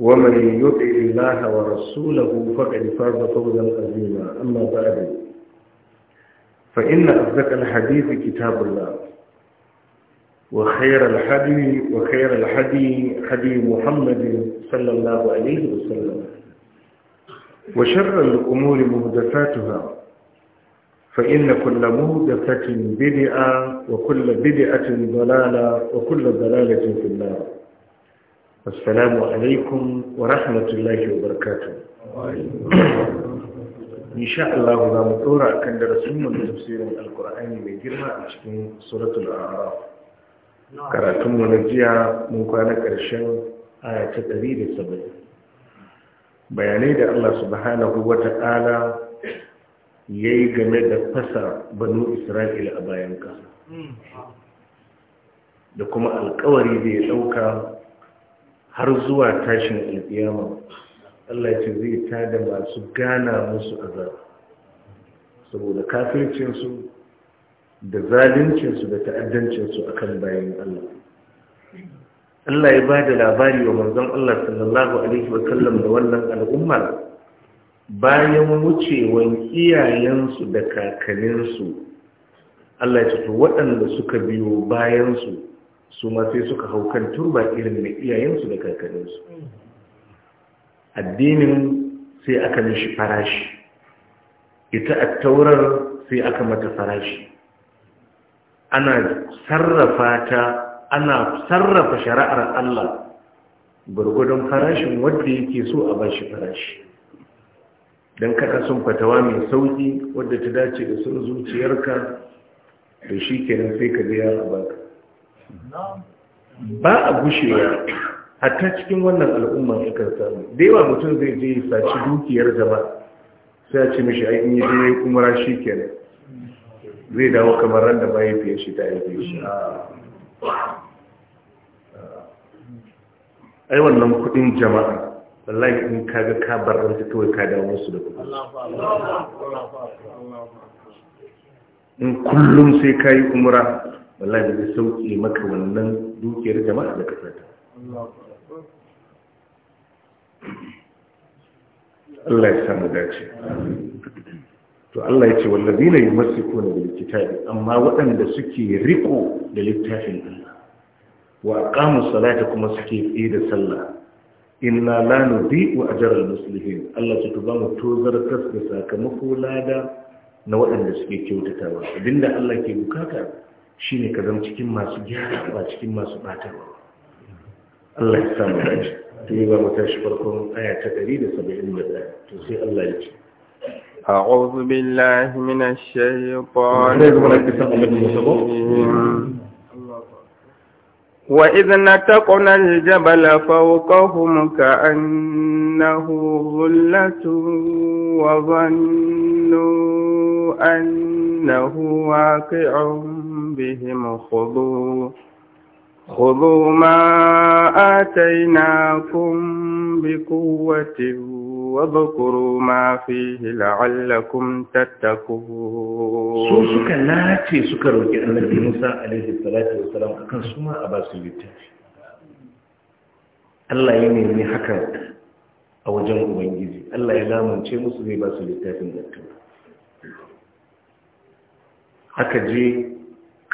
ومن يطع الله ورسوله فقد فاز فوزا عظيما اما بعد فان اصدق الحديث كتاب الله وخير الحدي وخير الحدي حدي محمد صلى الله عليه وسلم وشر الامور محدثاتها فان كل محدثه بدعه وكل بدعه ضلاله وكل ضلاله في النار salamu alaikum wa rahmatullahi wa barakatuh insha Allah za mu tsora kan darasin mu da tafsirin alkur'ani mai girma a cikin suratul a'raf karatun mu na jiya mun kwana karshen aya ta 170 bayanai da Allah subhanahu wata'ala yayi game da fasa banu Isra'ila a bayan kasa da kuma alkawari da ya dauka har zuwa tashin alƙiyama Allah ce zai tada masu gana musu azab saboda kafircinsu da zaluncinsu da ta'addancinsu akan bayan Allah Allah ya ba da labari wa manzon Allah sallallahu alaihi wasallam da wannan al'ummar bayan wucewan iyayensu da kakaninsu, Allah ya ce to waɗanda suka biyo bayansu su ma sai suka hau kan turba irin mai iyayensu da karkarinsu addinin sai aka mishi farashi ita a taurar sai aka mata farashi ana sarrafa ta ana sarrafa shari'ar Allah gurgudun farashin wadda yake so a bashi farashi don kada sun fatawa mai sauki wadda ta dace da sun zuciyarka da shi kenan sai ka biya a baka ba a gushewa hatta cikin wannan al'umma suka samu da yawa mutum zai je saci dukiyar jama'a sai a ce mashi ai in yi je kumara shi kenan zai dawo kamar ran da fiye shi ta haife shi ai wannan kudin jama'a wallahi in kaga ka bar ranta kawai ka dawo musu da kudin in kullum sai ka yi umra wallahi zai sauke maka wannan dukiyar jama'a da kasata Allah ya samu dace to Allah ya ce wallazina yumassikuna bil kitabi amma waɗanda suke riko da littafin Allah wa aqamu salata kuma suke yi da sallah inna la nudhi'u ajra al muslimin Allah ya tuba mu tozartar da sakamako lada na waɗanda suke kyautatawa abinda Allah ke bukata shi ne ka zama cikin masu gyara ba cikin masu batarwa Allah ya samu da shi ta yi ba matashi farkon aya ta 171 to sai Allah ya ce أعوذ بالله من الشيطان الرجيم وإذ نتقنا الجبل فوقهم كأنه ظلة وظنوا أنه واقع بهم خضوع خذوا ما آتيناكم بقوة واذكروا ما فيه لعلكم تتقون su suka nace suka roki annabi Musa alaihi salatu wassalam akan su ma a ba littafi Allah ya nemi hakan a wajen ubangiji Allah ya lamunce musu zai ba su littafin attaura aka je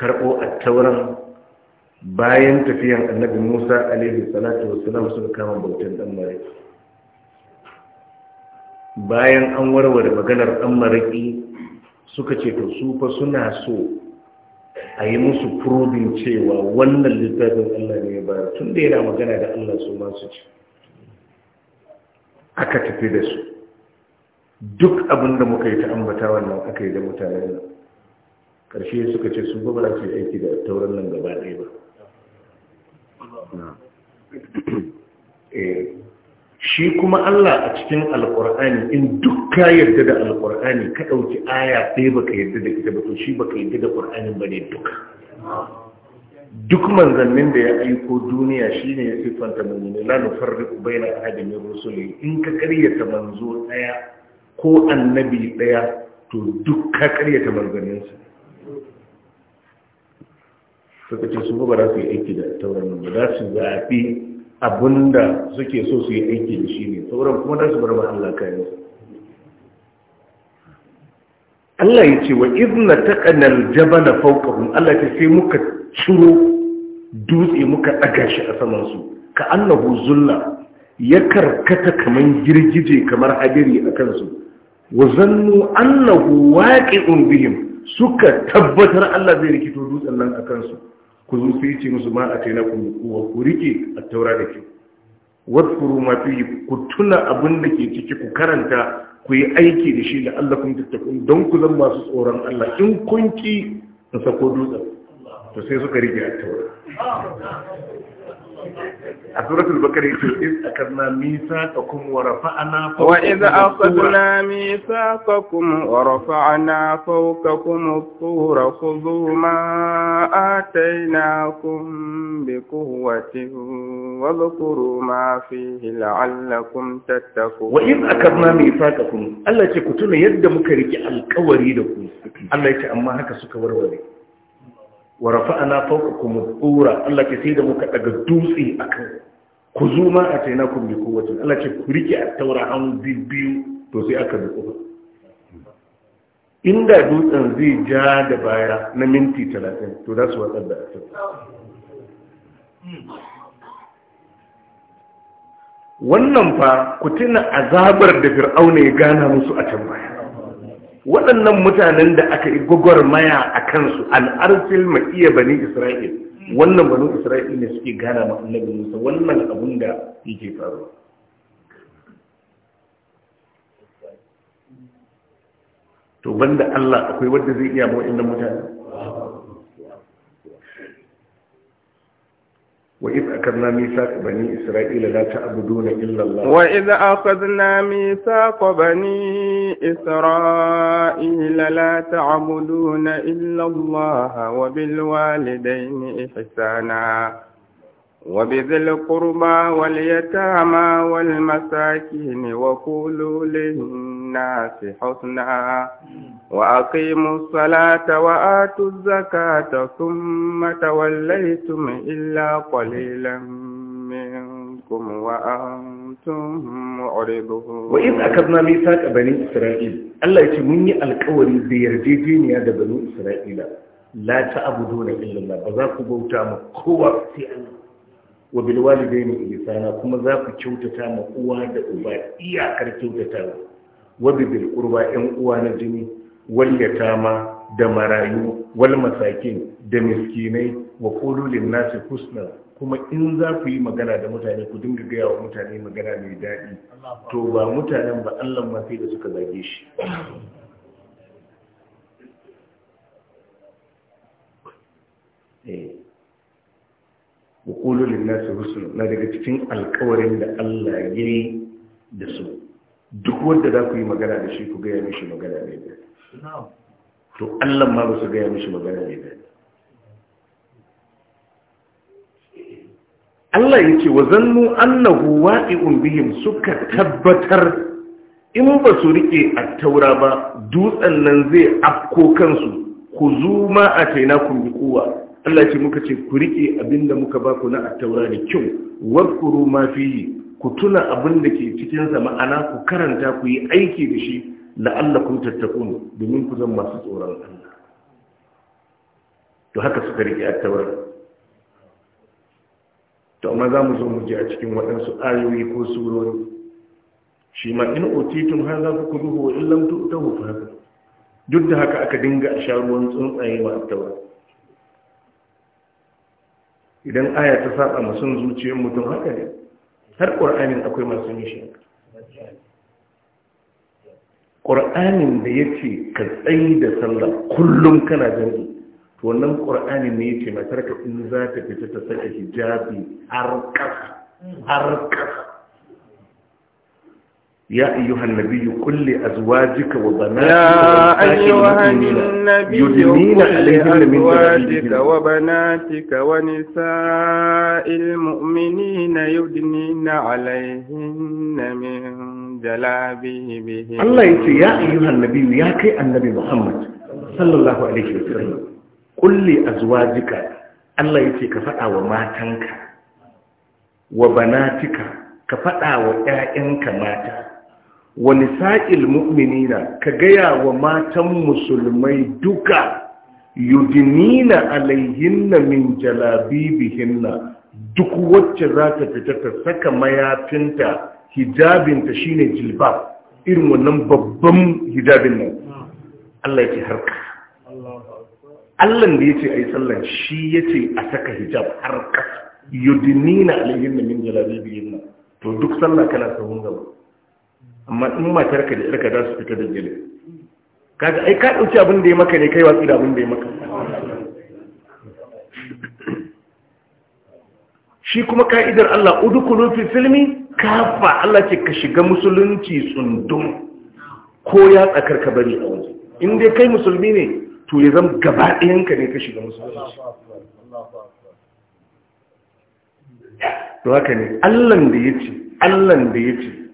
karɓo attauran bayan tafiyan annabi Musa alaihi salatu wassalam suka kama bautar ɗan Maryam bayan an warware maganar ɗan maraƙi suka ce to su fa suna so a yi musu probin cewa wannan littafin Allah ne ya bayar tun da yana magana da Allah su masu ci aka tafi da su duk abin da muka yi ta ambata wannan aka yi da mutanen nan ƙarshe suka ce su ba su aiki da tauran nan gaba ɗaya ba shi kuma Allah a cikin alkur'ani in duk ka yarda da alkur'ani ka ɗauki aya ɗaya baka yarda da ita ba to shi baka yarda da ƙur'anin ba ne duka duk manzannin da ya aiko duniya shine ya siffanta manzanni la nufarriqu baina ahadin min rusuli in ka karyata manzo ɗaya ko annabi ɗaya to duk ka karyata manzanninsa suka ce su ba za su yi aiki da tauran ba za su zaɓi abinda suke so su yi aiki da shi ne sauran kuma da su bar ba Allah kayan Allah ya ce wa izna taqanal jabala fawqahum Allah ta sai muka ciro dutse muka daga shi a saman su ka annahu zulla ya karkata kaman girgije kamar hadiri a kansu wa zannu annahu waqi'un bihim suka tabbatar Allah zai rikito dutsen nan a kansu ku zo musu ma a taina ku wa ku rike a taura da ke wadfuru ma fi ku tuna abin da ke ciki ku karanta ku yi aiki da shi da Allah kun tattaku don ku zan masu tsoron Allah in kun ki in sako dutsen to sai suka rike a taura a suratul bakari ce akarna misa ka kun warafa ana fauka wa idza aqadna misa ka kun warafa ana fauka kun tura khudhu ma atainakum bi quwwati wa dhkuru ma fihi la'allakum tattaqun wa idza aqadna misa ka kun Allah ce ku tuna yadda muka riki alƙawari da ku Allah ce amma haka suka warware wa rafa'ana fawqakum al-tura Allah ke sai da muka daga dutse akan ku zuma a taina kun bi kowace Allah ce ku rike at-taura an biyu to sai aka duka inda dutsen zai ja da baya na minti 30 to za su watsar da at wannan fa ku tuna azabar da fir'auna ya gana musu a can baya waɗannan mutanen da aka yi gwagwarmaya a kansu al'arfil ma'iya bani isra'il wannan bani isra'il ne suke gana ma annabi musa wannan abun da yake faru. to banda allah akwai wanda zai iya ma waɗannan mutane وإذ أخذنا ميثاق بني إسرائيل لا تعبدون إلا الله وإذ أخذنا ميثاق بني إسرائيل لا تعبدون إلا الله وبالوالدين إحسانا وبذي القربى واليتامى والمساكين وقولوا للناس حسنا وأقيموا الصلاة وآتوا الزكاة ثم توليتم إلا قليلا منكم وأنتم معرضون وإذ أخذنا ميثاق بني إسرائيل الله يتمني القول بيرجيجين يا بني إسرائيل لا تعبدون إلا الله بذاك بوتام قوى في الله wa bilwalidaini ihsana kuma za ku kyautata ma uwa da uba iyakar kyautata wa bil qurba yan uwa na jini wal yatama da marayu wal masakin da miskinai wa qulu lin nasi husna kuma in za ku yi magana da mutane ku dinga gaya wa mutane magana mai daɗi to ba mutanen ba Allah ma sai da suka zage shi eh wa qulu lin nasi husna na daga cikin alƙawarin da Allah ya yi da su duk wanda za ku yi magana da shi ku gaya mishi magana ne da to Allah ma ba su gaya mishi magana ne da Allah ya ce wa zannu annahu waqi'un bihim suka tabbatar in ba su rike a taura ba dutsen nan zai afko kansu ku zuma a tainakun bi kowa Allah ce muka ce ku rike abinda muka ba ku na attaura da kyau warkuru ma fi ku tuna abin da ke cikin sa ma'ana ku karanta ku yi aiki da shi Allah kun tattaqun domin ku zama masu tsoron Allah to haka suka rike attaura to amma za mu zo mu je a cikin waɗansu ayoyi ko surori shi ma in otitun haza ku kuduhu wa illam tu'tahu fa duk da haka aka dinga a sha ruwan tsuntsaye ma attaura idan aya ta saba musun zuciyar mutum haka ne har ƙur'ani akwai masu mishi ƙur'anin da ya ce ka tsayi da sallah kullum kana jam'i to wannan ƙur'ani ne ya ce matarka in za ta fita ta saka hijabi har ƙasa har ƙasa يا أيها النبي كل أزواجك وبناتك يا أيها النبي كل أزواجك وبناتك ونساء المؤمنين يدنين عليهن من به الله يقول يا أيها النبي يا كي النبي محمد صلى الله عليه وسلم كل أزواجك الله يقول كفأ تنك وبناتك كفأ وإعينك تنك wani sa'il mu'minina ka gaya wa matan musulmai duka yudinina alayhinna min jalabibihinna duk wacce za ta fita ta saka mayafinta hijabinta ne jilba, irin wannan babban hijabin nan Allah ya ce harka Allah da ya ce a yi sallan shi ya ce a saka hijab harka yudinina alayhinna min jalabibihinna to duk sallah kana sa gaba amma in matar ka da irka za su fita da jini kaga ai ka dauki abin da ya maka ne kai watsi da abin da ya maka shi kuma ka'idar Allah udkhulu fi filmi kafa Allah ce ka shiga musulunci tsundum ko ya tsakar ka bari a waje in dai kai musulmi ne to ya zama gaba ɗayanka ne ka shiga musulunci to haka ne Allah da ya ce Allah da ya ce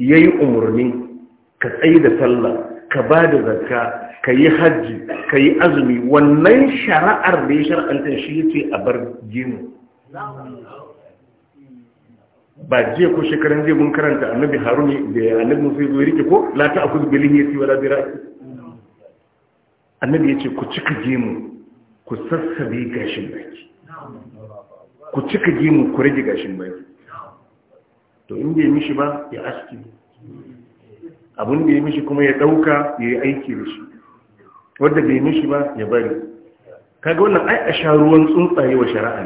ya yi umarni ka tsaye da sallah ka ba da zakka ka yi hajji ka yi azumi wannan shara'ar da ya shara'antar shi ya ce a bar gini ba je ko shekaran zai mun karanta annabi haruni da annabi musa zo rike ko la ta akuz bilin ya wala bira annabi yace ku cika gemu ku sassabe gashin baki ku cika gemu ku rage gashin baki to in bai mishi ba ya aski abin da ya mishi kuma ya dauka, ya yi aiki da shi wadda bai mishi ba ya bari kaga wannan ai a sha ruwan tsuntsaye wa shari'a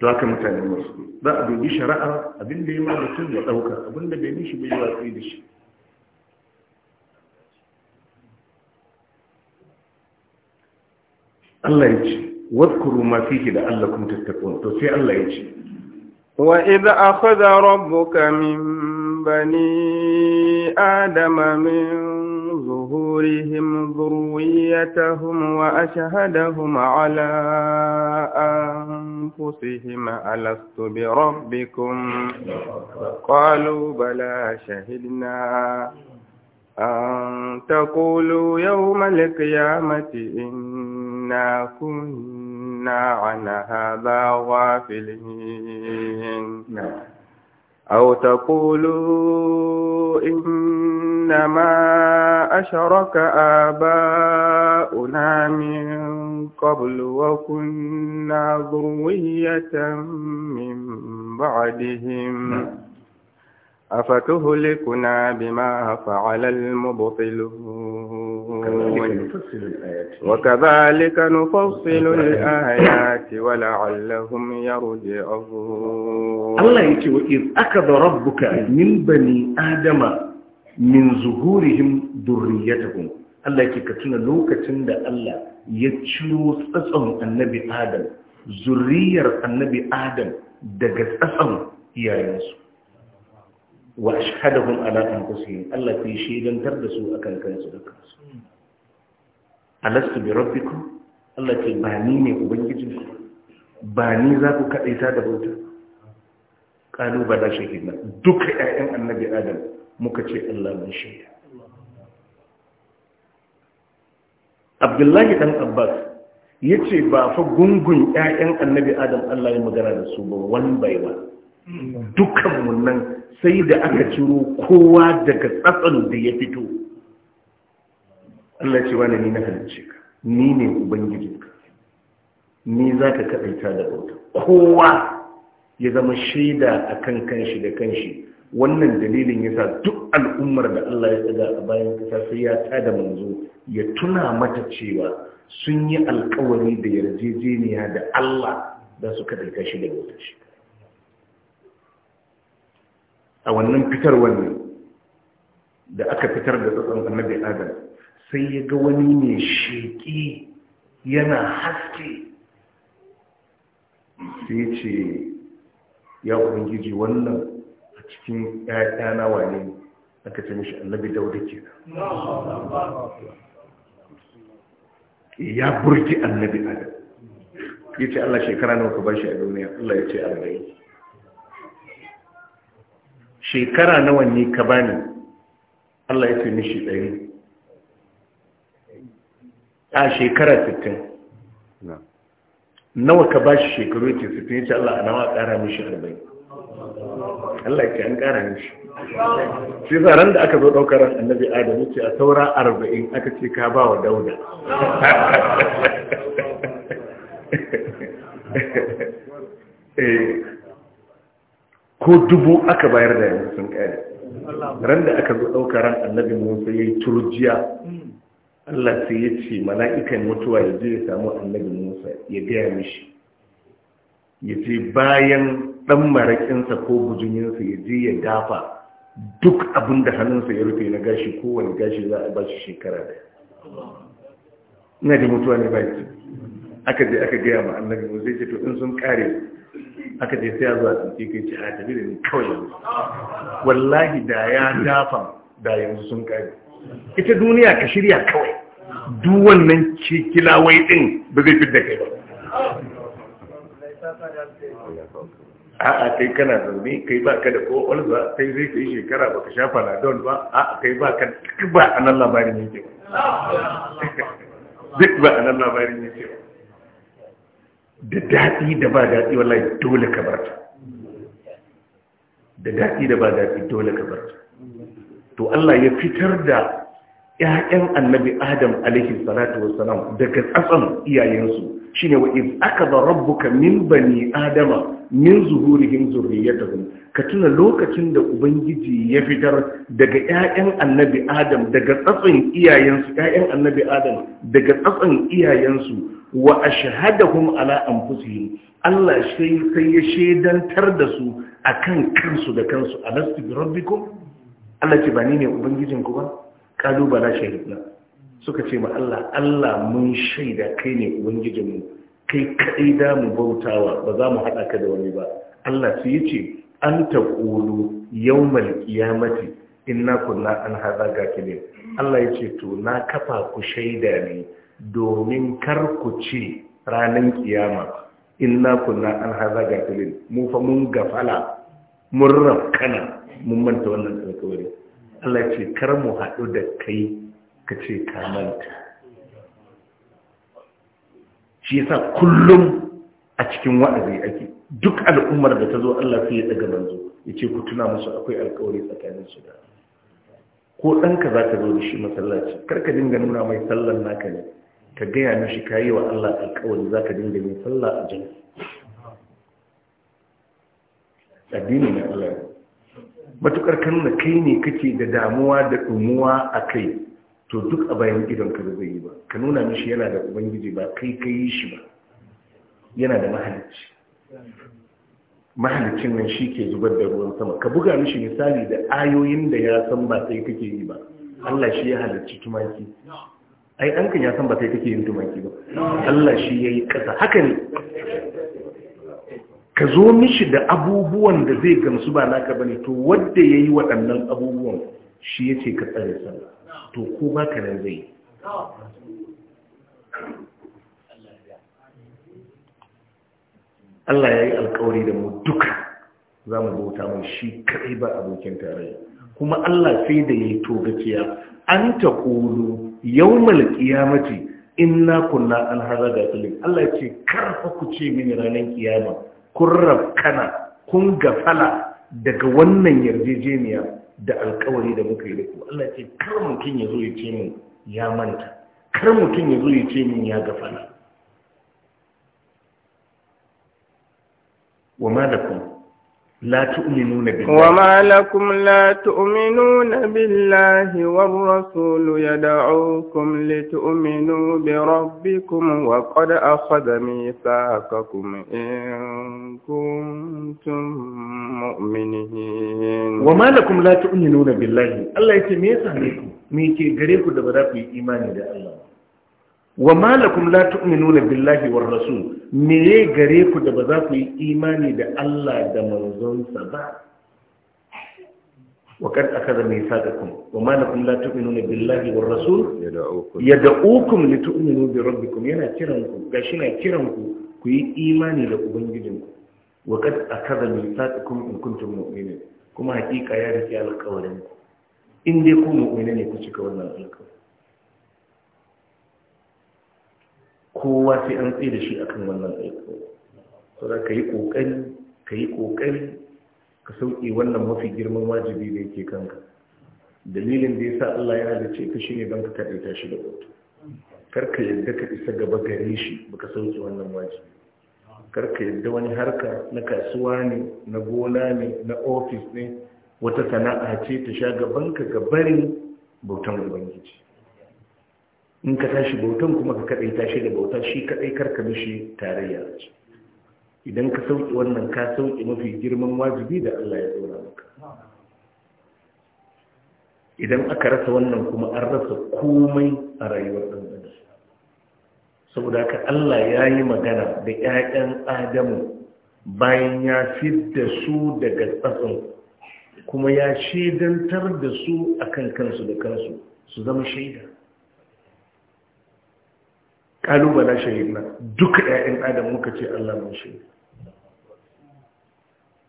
to haka mutane masu za a dubi shari'a abin da ya ma mutum ya dauka, abin da bai mishi bai yi watsi da shi Allah ya ce واذكروا ما فيه لعلكم تتقون تو الله يجي وإذ أخذ ربك من بني آدم من ظهورهم ذريتهم وأشهدهم على أنفسهم ألست بربكم قالوا بلى شهدنا أن تقولوا يوم القيامة إن إنا كنا عن هذا غافلين نعم. أو تقولوا إنما أشرك آباؤنا من قبل وكنا ذرية من بعدهم نعم. أفتهلكنا بما فعل المبطلون وكذلك نفصل الآيات ولعلهم يرجعون الله يتوى إذ أخذ ربك من بني آدم من ظهورهم ذريتهم Allah yake ka tuna lokacin da Allah ya ciro tsatson annabi Adam, zuriyar annabi Adam daga tsatson iyayensu. wa ashhadahum ala anfusihim Allah sai shedantar da su akan kansu da kansu alastu bi rabbikum Allah ce ba ni ne ubangijinku ba ni za ku kadaita da bauta qalu bala shahidna duka ƴaƴan annabi adam muka ce Allah mun shaida Abdullahi dan Abbas yace ba fa gungun ƴaƴan annabi adam Allah ya magana da su ba one by one dukkanmu nan sai da aka ciro kowa daga tsatsan da ya fito Allah ce wani ni na halice ka ni ne ka ni za ka kaɗaita da bauta kowa ya zama shaida a kan kanshi da kanshi wannan dalilin ya sa duk al'ummar da Allah ya tsaga a bayan kasa sai ya ta da manzo ya tuna mata cewa sun yi alkawari da yarjejeniya da Allah da su kaɗaita shi da bautar shi a wannan fitar wannan da aka fitar da tsatson annabi adam sai ya ga wani mai sheƙi yana haske sai ce ya ubangiji wannan a cikin ƴaƴana wane aka ce mishi annabi dauda ke ya burki annabi adam ya ce allah shekara nawa ka ba shi a duniya allah ya ce arba'in shekara nawa ne ka bani Allah ya ce mishi ɗari a shekara sittin. nawa ka ba shi shekaru ce 60 ya ce Allah a nawa ƙara mishi 40 Allah ya ce an ƙara mishi shi zaren da aka zo ɗaukar annabi adamu ce a saura 40 aka ce ka ba wa dauda eh ko dubu aka bayar da yanzu sun kare ran da aka zo ɗauka ran annabi musa ya yi turjiya allah sai ya ce mala'ikan mutuwa ya je ya samu annabi musa ya gaya mishi ya ce bayan ɗan maraƙinsa ko bujinyinsa ya je ya dafa duk abin da hannunsa ya rufe na gashi kowane gashi za a ba shi shekara da ina da mutuwa ne ba aka je aka gaya ma annabi musa ya ce to in sun kare aka je sai ya zuwa tsinke kai ce a tafi da ni kawai wallahi da ya dafa da yanzu sun kare ita duniya ka shirya kawai duk wannan kilawai din ba zai fit da kai ba a'a kai kana zaune kai ba ka da ko ba kai zai kai shekara ba ka shafa na don ba a'a kai ba ka ba a nan labarin yake ba duk ba a nan labarin yake ba da daɗi da ba daɗi wallahi dole ka bar ta da daɗi da ba daɗi dole ka bar ta to Allah ya fitar da ƴaƴan annabi Adam alaihi salatu wasalam daga tsatsan iyayensu shi ne wa iz aka rabbuka min bani Adama min zuhurihim zurriyatahum ka tuna lokacin da Ubangiji ya fitar daga ƴaƴan annabi Adam daga tsatsan iyayensu ƴaƴan annabi Adam daga tsatsan iyayensu wa ashhadahum ala anfusihim Allah sai sai ya shaidantar da su akan kansu da kansu alastu bi rabbikum Allah ce ba ni ne ubangijin ku ba kalu bala suka ce ma Allah Allah mun shaida kai ne ubangijin mu kai kaɗai da mu bautawa ba za mu haɗa ka da wani ba Allah sai ce an taqulu yawmal in inna kunna an hadha gakilin Allah yace to na kafa ku shaida ne domin kar ku ce ranar kiyama inna kunna an haza gafilin mu fa mun gafala mun rafkana mun manta wannan alkawari Allah ce kar mu haɗu da kai ka ce ka manta shi yasa kullum a cikin wa'azi ake duk al'ummar da ta zo Allah sai ya daga manzo ya ce ku tuna musu akwai alkawari tsakanin su da ko ɗanka za ka zo da shi masallaci karka dinga nuna mai sallan naka ne ka gaya mishi ka yi wa Allah alkawari za ka dinga yin sallah a jini addini na Allah matukar ka nuna kai ne kake da damuwa da ɗumuwa a kai to duk a bayan idon ka zai yi ba ka nuna mishi yana da ubangiji ba kai ka yi shi ba yana da mahalicci mahalicin nan shi ke zubar da ruwan sama ka buga mishi misali da ayoyin da ya san ba sai kake yi ba Allah shi ya halarci tumaki ai ɗanka ya san ba sai take yin tumaki ba Allah shi ya yi ƙasa haka ne ka zo mishi da abubuwan da zai gamsu ba naka ba ne to wadda ya yi waɗannan abubuwan shi ya ce ka tsare sallah to ko ba ka nan zai Allah ya yi alkawari da mu duka za mu bauta mai shi kaɗai ba abokin tarayya kuma Allah sai da ya yi togaciya an ta kulu yawmal qiyamati inna kunna an da gafilin Allah ce karfa ku ce mini ranar kiyama kun rafkana kun gafala daga wannan yarjejeniya da alkawari da muka yi da ku Allah ce kar mutum ya zo ya ce min ya manta kar mutum ya zo ya ce min ya gafala wa ma da لا تؤمنون بالله وما لكم لا تؤمنون بالله والرسول يدعوكم لتؤمنوا بربكم وقد أخذ ميثاقكم إن كنتم مؤمنين وما لكم لا تؤمنون بالله الله يتميز عليكم ميكي غريكو دبرا في إيمان الله wa malakum la tu'minuna billahi war rasul meye gare ku da ba za ku yi imani da Allah da manzonsa ba wa kad akhadha mithaqakum wa malakum la tu'minuna billahi war rasul yad'ukum li tu'minu bi rabbikum yana kiran ku gashi na kiran ku ku yi imani da ku wa kad akhadha mithaqakum in kuntum mu'minin kuma hakika ya rike alƙawarin ku in dai ku mu'mina ne ku cika wannan alƙawari kowa sai an tsaye da shi akan wannan aiko so ka yi ƙoƙari ka yi ƙoƙari ka sauƙi wannan mafi girman wajibi da yake kanka dalilin da ya sa Allah ya da ce ka shine don ka taɗaita shi da kotu. kar ka yadda ka isa gaba gare shi baka sauƙi wannan wajibi kar ka yadda wani harka na kasuwa ne na gona ne na ofis ne wata sana'a ce ta sha gaban ka gabarin bautan ubangiji in ka tashi bautan kuma ka kaɗai tashi da bauta shi kaɗai karka mishi tarayya idan ka sauƙi wannan ka sauƙi mafi girman wajibi da Allah ya tsora maka idan aka rasa wannan kuma an rasa komai a rayuwar ɗan adam saboda haka Allah ya yi magana da 'ya'yan Adamu bayan ya fidda su daga tsatsin kuma ya shaidantar da su akan kansu da kansu su zama shaida kalubala shahidna duk ƴaƴan adam muka ce Allah mun shaida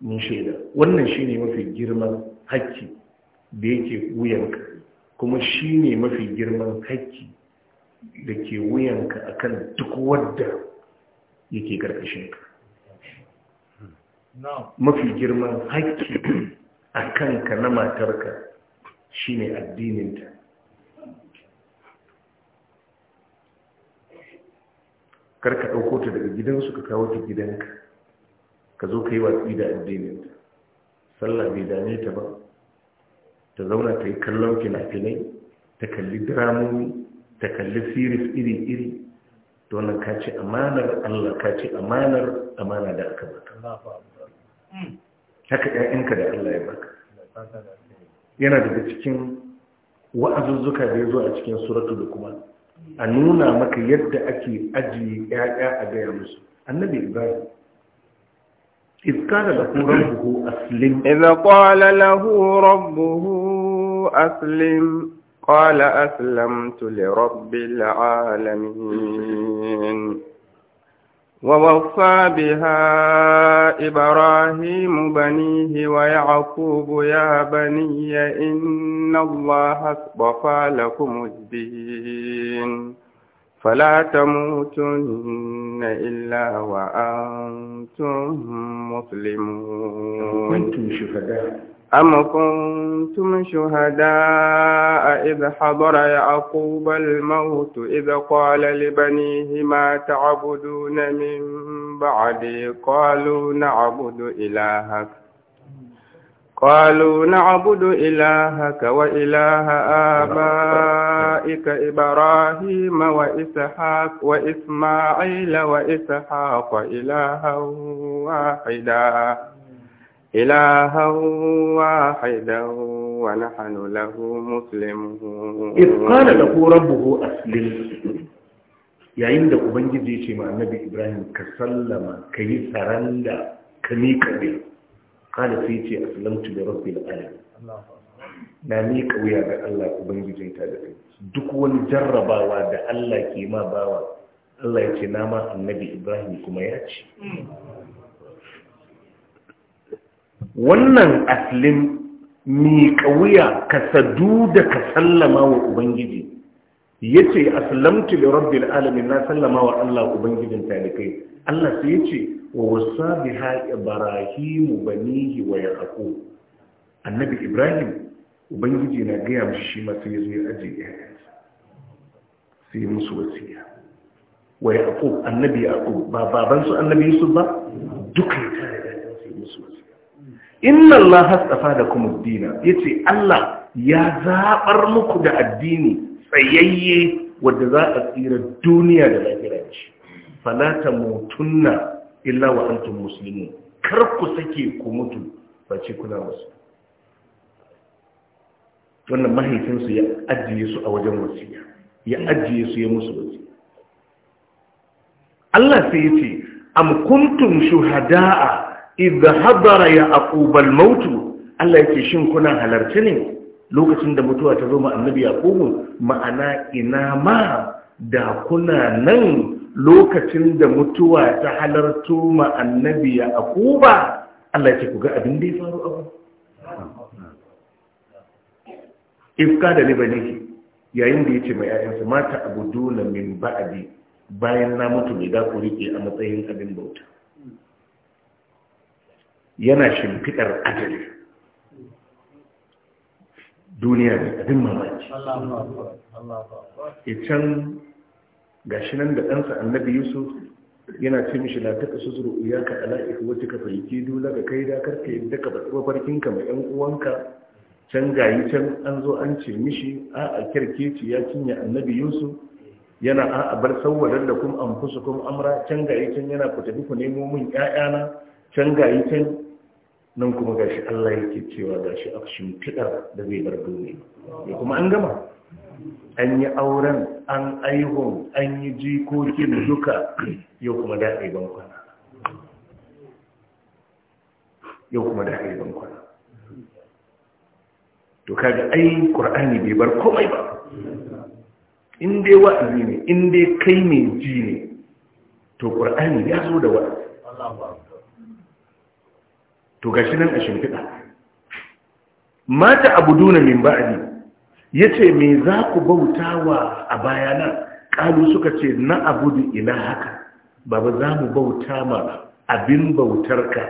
mun shaida wannan shine mafi girman hakki da yake wuyanka kuma shine mafi girman hakki da ke wuyanka akan duk wadda yake karkashin ka mafi girman hakki a kanka na matarka shine addininta kar ka ɗauko ta daga gidansu ka kawo ta gidanka ka zo ka yi watsi da addinin ta sallah bai dame ta ba ta zauna ta yi kallon fina-finai ta kalli diramomi ta kalli siris iri-iri ta wannan ka ce amanar allah ka ce amanar amana da aka baka haka ‘ya'yanka da allah ya baka yana daga cikin wa'azuzzuka da ya zo a cikin suratu da kuma a nuna maka yadda ake ajiye ƴaƴa a gaya musu annabi ibrahim إذ قال له ربه أسلم إذا قال له ربه أسلم قال أسلمت لرب العالمين ووصى بها إبراهيم بنيه ويعقوب يا بني إن الله اصطفى لكم الدين فلا تموتن إلا وأنتم مسلمون أم كنتم شهداء إذ حضر يعقوب الموت إذ قال لبنيه ما تعبدون من بعدي قالوا نعبد إلهك قالوا نعبد إلهك وإله آبائك إبراهيم وإسحاق وإسماعيل وإسحاق إلها واحدا إلها واحدا ونحن له مسلمون إذ قال له ربه أسلم yayin da ubangiji ce ma annabi ibrahim ka sallama ka yi saranda ka miƙa bai kada sai ce aslamtu da da alamin na miƙa wuya ga allah ubangijin ta da kai duk wani jarrabawa da allah ke ma bawa allah ya ce na ma annabi ibrahim kuma ya ce wannan aslim miƙa wuya ka sadu da ka sallama wa ubangiji ya ce aslamtu da rabbil alamin na sallama wa allah ubangijin talikai allah sai ya ce wa wasa biha ibrahimu banihi wa yaqub annabi ibrahim ubangiji na gaya mashi shi ma sai ya zo ya ajiye sai musu wasiya wa yaqub annabi yaqub ba babansu annabi yusuf ba duka ya tare da sai musu wasiya inna Allah hasafa da kuma dina ya ce Allah ya zabar muku da addini tsayayye wadda za a tsira duniya da lafiyarci falata fala tamutunna illa wa antum musulmi kar ku sake ku mutu ba ce kuna musu wannan mahaifinsu ya ajiye su a wajen wasiya ya ajiye su ya musu wasiya Allah sai ya ce am kuntum shuhada'a idza hadara ya aqubal mautu Allah yake shin kuna halarci ne lokacin da mutuwa ta zo ma annabi yaqubu ma'ana ina ma da kuna nan lokacin da mutuwa ta halarto ma annabi yaqubu Allah yake ku ga abin da ya faru abu ifka da libani yayin da yace mai ayyansa mata abuduna min ba'di bayan na mutu mai da ku rike a matsayin abin bauta yana shimfidar ajali duniya ne abin mamaki ya e, can shi nan da ɗansa annabi yusuf yana ce mishi na taɓa su zuru ya ka ala wacce ka fahimci dole ga kai dakar ka yadda ka batsuwa farkinka mai yan uwanka can gayi can an zo an ce mishi a a kirkeci ya cinye annabi yusuf yana a a bar sauwadar da kuma an fusu kuma amra can gayi can yana ku tafi ku nemo min ƴaƴana can gayi can nan kuma ga shi Allah yake cewa ga shi a shimfiɗa da zai bar duniya ya kuma an gama an yi auren an aihun an yi jikokin duka yau kuma da aiban kwana yau kuma da aiban kwana to kaga ai qur'ani bai bar komai ba in dai wa'azi ne in dai kai mai ji ne to qur'ani ya zo da wa'azi to gashi nan a shimfiɗa mata abuduna min ba'di yace me za ku bautawa a bayana kalu suka ce na abudu haka. baba za mu bauta ma abin bautarka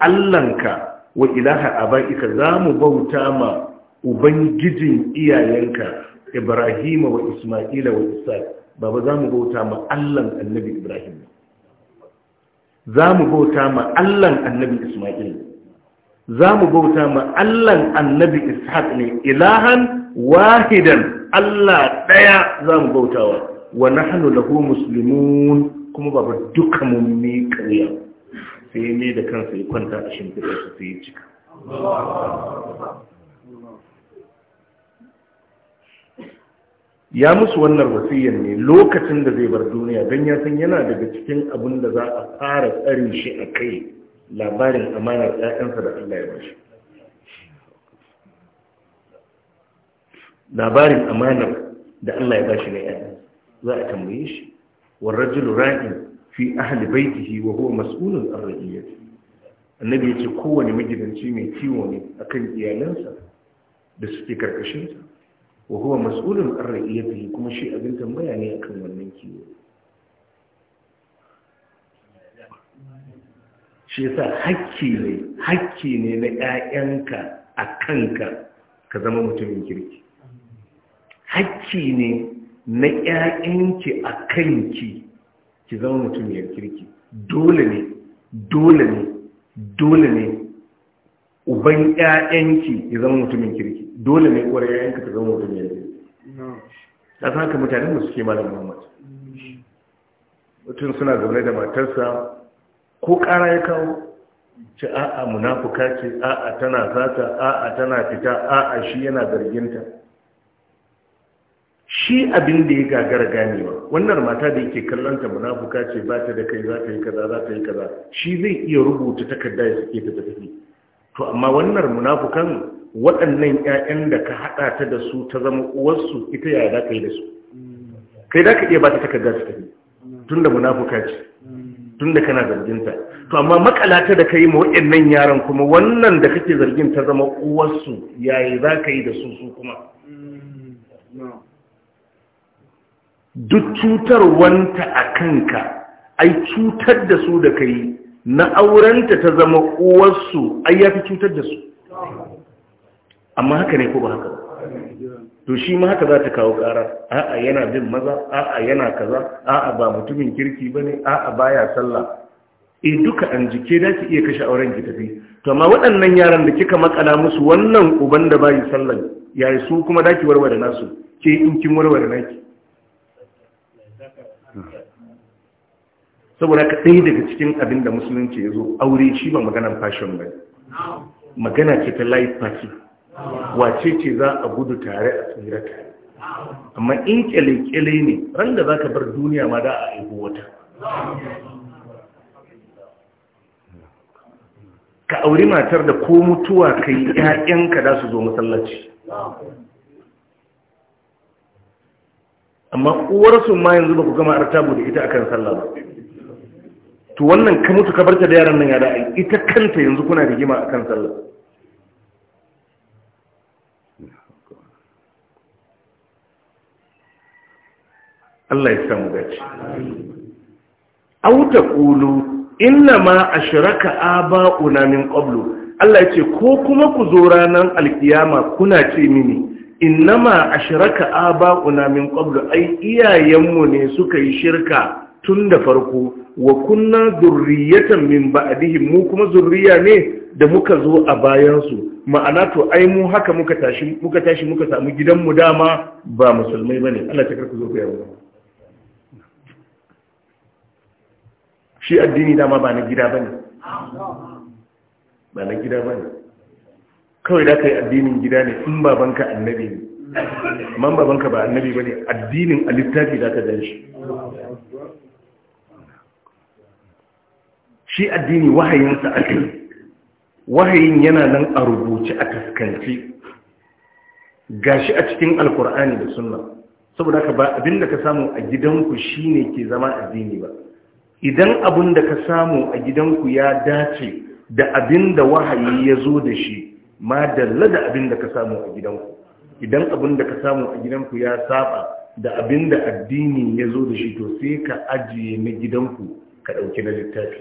allanka wa ilaha abaika za mu bauta ma ubangijin iyayenka ibrahima wa isma'ila wa isa baba za mu bauta ma allan annabi ibrahim za mu bauta ma allan annabi isma'ila za mu bauta ma Allahn annabi ishaq ne ilahan wahidan Allah ɗaya za mu bautawa wa nahnu lahu muslimun kuma ba duka mun ƙarya sai ne da kansa ya kwanta a shimfiɗar su sai ya cika ya musu wannan wasiyar ne lokacin da zai bar duniya don ya san yana daga cikin abin da za a fara tsare shi a kai labarin amanar ƴaƴansa da Allah ya bashi labarin amanar da Allah ya bashi na ƴaƴa za a tambaye shi warajul ra'in fi ahli baitihi wa huwa mas'ulun an ra'iyati annabi yace kowane magidanci mai kiwo ne akan iyalansa da suke karkashin sa wa huwa mas'ulun an ra'iyati kuma shi abin tambaya ne akan wannan kiwo shi yasa hakki ne hakki ne na ƴaƴanka a kanka ka zama mutumin kirki hakki ne na ƴaƴanki a kanki ki zama mutumin kirki dole ne dole ne dole ne uban ƴaƴanki ya zama mutumin kirki dole ne uwar ƴaƴanka ta zama mutumin kirki ta san haka mutanen da suke malam Muhammad mutum suna zaune da matarsa ko ƙara ya kawo ci a'a munafuka ce a'a tana zata. a'a tana fita a'a shi yana zarginta shi abin da ya gagara ganewa wannan mata da yake kallonta munafuka ce ba ta da kai za ta yi kaza za ta yi kaza shi zai iya rubuta takarda ya suke ta tafi to amma wannan munafukan waɗannan 'ya'yan da ka haɗa ta da su ta zama uwarsu ita yaya za ka yi da su kai za ka iya ba ta takarda su tafi tun da munafuka ce tun da kana zarginta to amma makalata da ka yi nan yaran kuma wannan da kake zargin ta zama uwarsu yayi za ka yi da su su kuma duk cutarwanta a kanka ai cutar da su da ka yi na aurenta ta zama uwarsu ai ya fi cutar da su amma haka ne ko ba haka to shi ma haka za ta kawo ƙara a'a yana bin maza a'a yana kaza a'a ba mutumin kirki bane a'a baya sallah e duka an jike da ki iya kashe auren ki tafi to amma waɗannan yaran da kika makala musu wannan uban da bai sallan yayi su kuma da ki warware nasu ke in kin warware naki saboda ka daga cikin abin da musulunci ya zo aure shi ba maganar fashion ba magana ce ta life party wace ce za a gudu tare a tsira tare amma in kyale-kyale ne ran da za ka bar duniya ma da a aihu wata ka auri matar da ko mutuwa ka yi ‘ya'yanka da su zo masallaci amma uwarsu ma yanzu ba ku gama artabu da ita akan sallah ba to wannan ka mutu ka barta da yaran nan ya da ita kanta yanzu kuna rigima akan sallah Allah ya samu gaci auta ƙulu inna ma a a aba'una min ƙwablo, Allah ya ce ko kuma ku zo ranar alkiyama kuna ce mini ma shiraka a aba'una min ƙwablo, ai iyayenmu ne suka yi shirka tun da farko wa kunna zurriyatan min ba'dihim mu kuma zurriya ne da muka zo a bayansu, ma'ana to ai mu haka muka tashi muka samu gidanmu dama ba musulmai ba ne. Allah ta karku zo ku ba. shi addini dama ba na gida ba ne ba na gida ba ne kawai da ka yi addinin gida ne in babanka annabi ne man babanka ba annabi ba ne addinin a littafi da ka gan shi shi addini wahayinsa ake wahayin yana nan a rubuce a taskanci gashi a cikin alkur'ani da sunna saboda ka ba abinda ka samu a gidanku shine ke zama addini ba idan abin da ka samu a gidanku ya dace da abin da wahayi ya zo da shi ma dalla da abin da ka samu a gidanku idan abin da ka samu a gidanku ya saba da abin da addini ya zo da shi to sai ka ajiye na gidanku ka ɗauki na littafi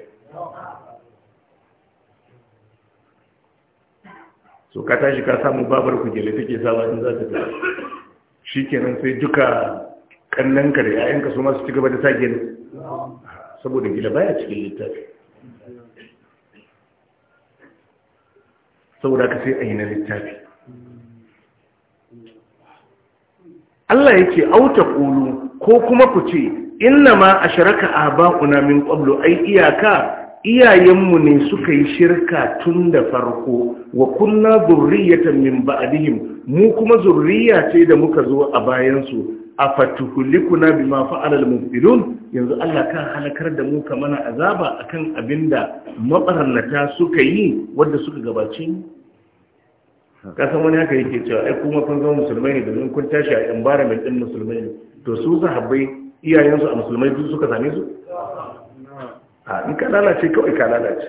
so ka tashi ka samu babar kujele take saba in za ta ta shi kenan sai duka kannanka da 'ya'yanka su masu ci gaba da sa gina saboda gida, baya cikin littafi saboda ka sai a yi na littafi Allah ya auta ƙulu ko kuma ku ce inna ma a shiraka a ba'una min ƙwablo ai iyaka iyayenmu ne suka yi shirka tun da farko wa kunna zurriyatan min ba'adihim mu kuma zurriya ce da muka zo a bayansu afatuhulikuna bima fa'ala al-mubtilun yanzu Allah kan halakar da mu kamar azaba akan abinda mabarnata suka yi wanda suka gabace ni? Ka san wani haka yake cewa ai kuma kun zama musulmai ne domin kun tashi a environment din musulmai ne to su sahabbai iyayensu a musulmai duk suka same su a in ka lalace kawai ka lalace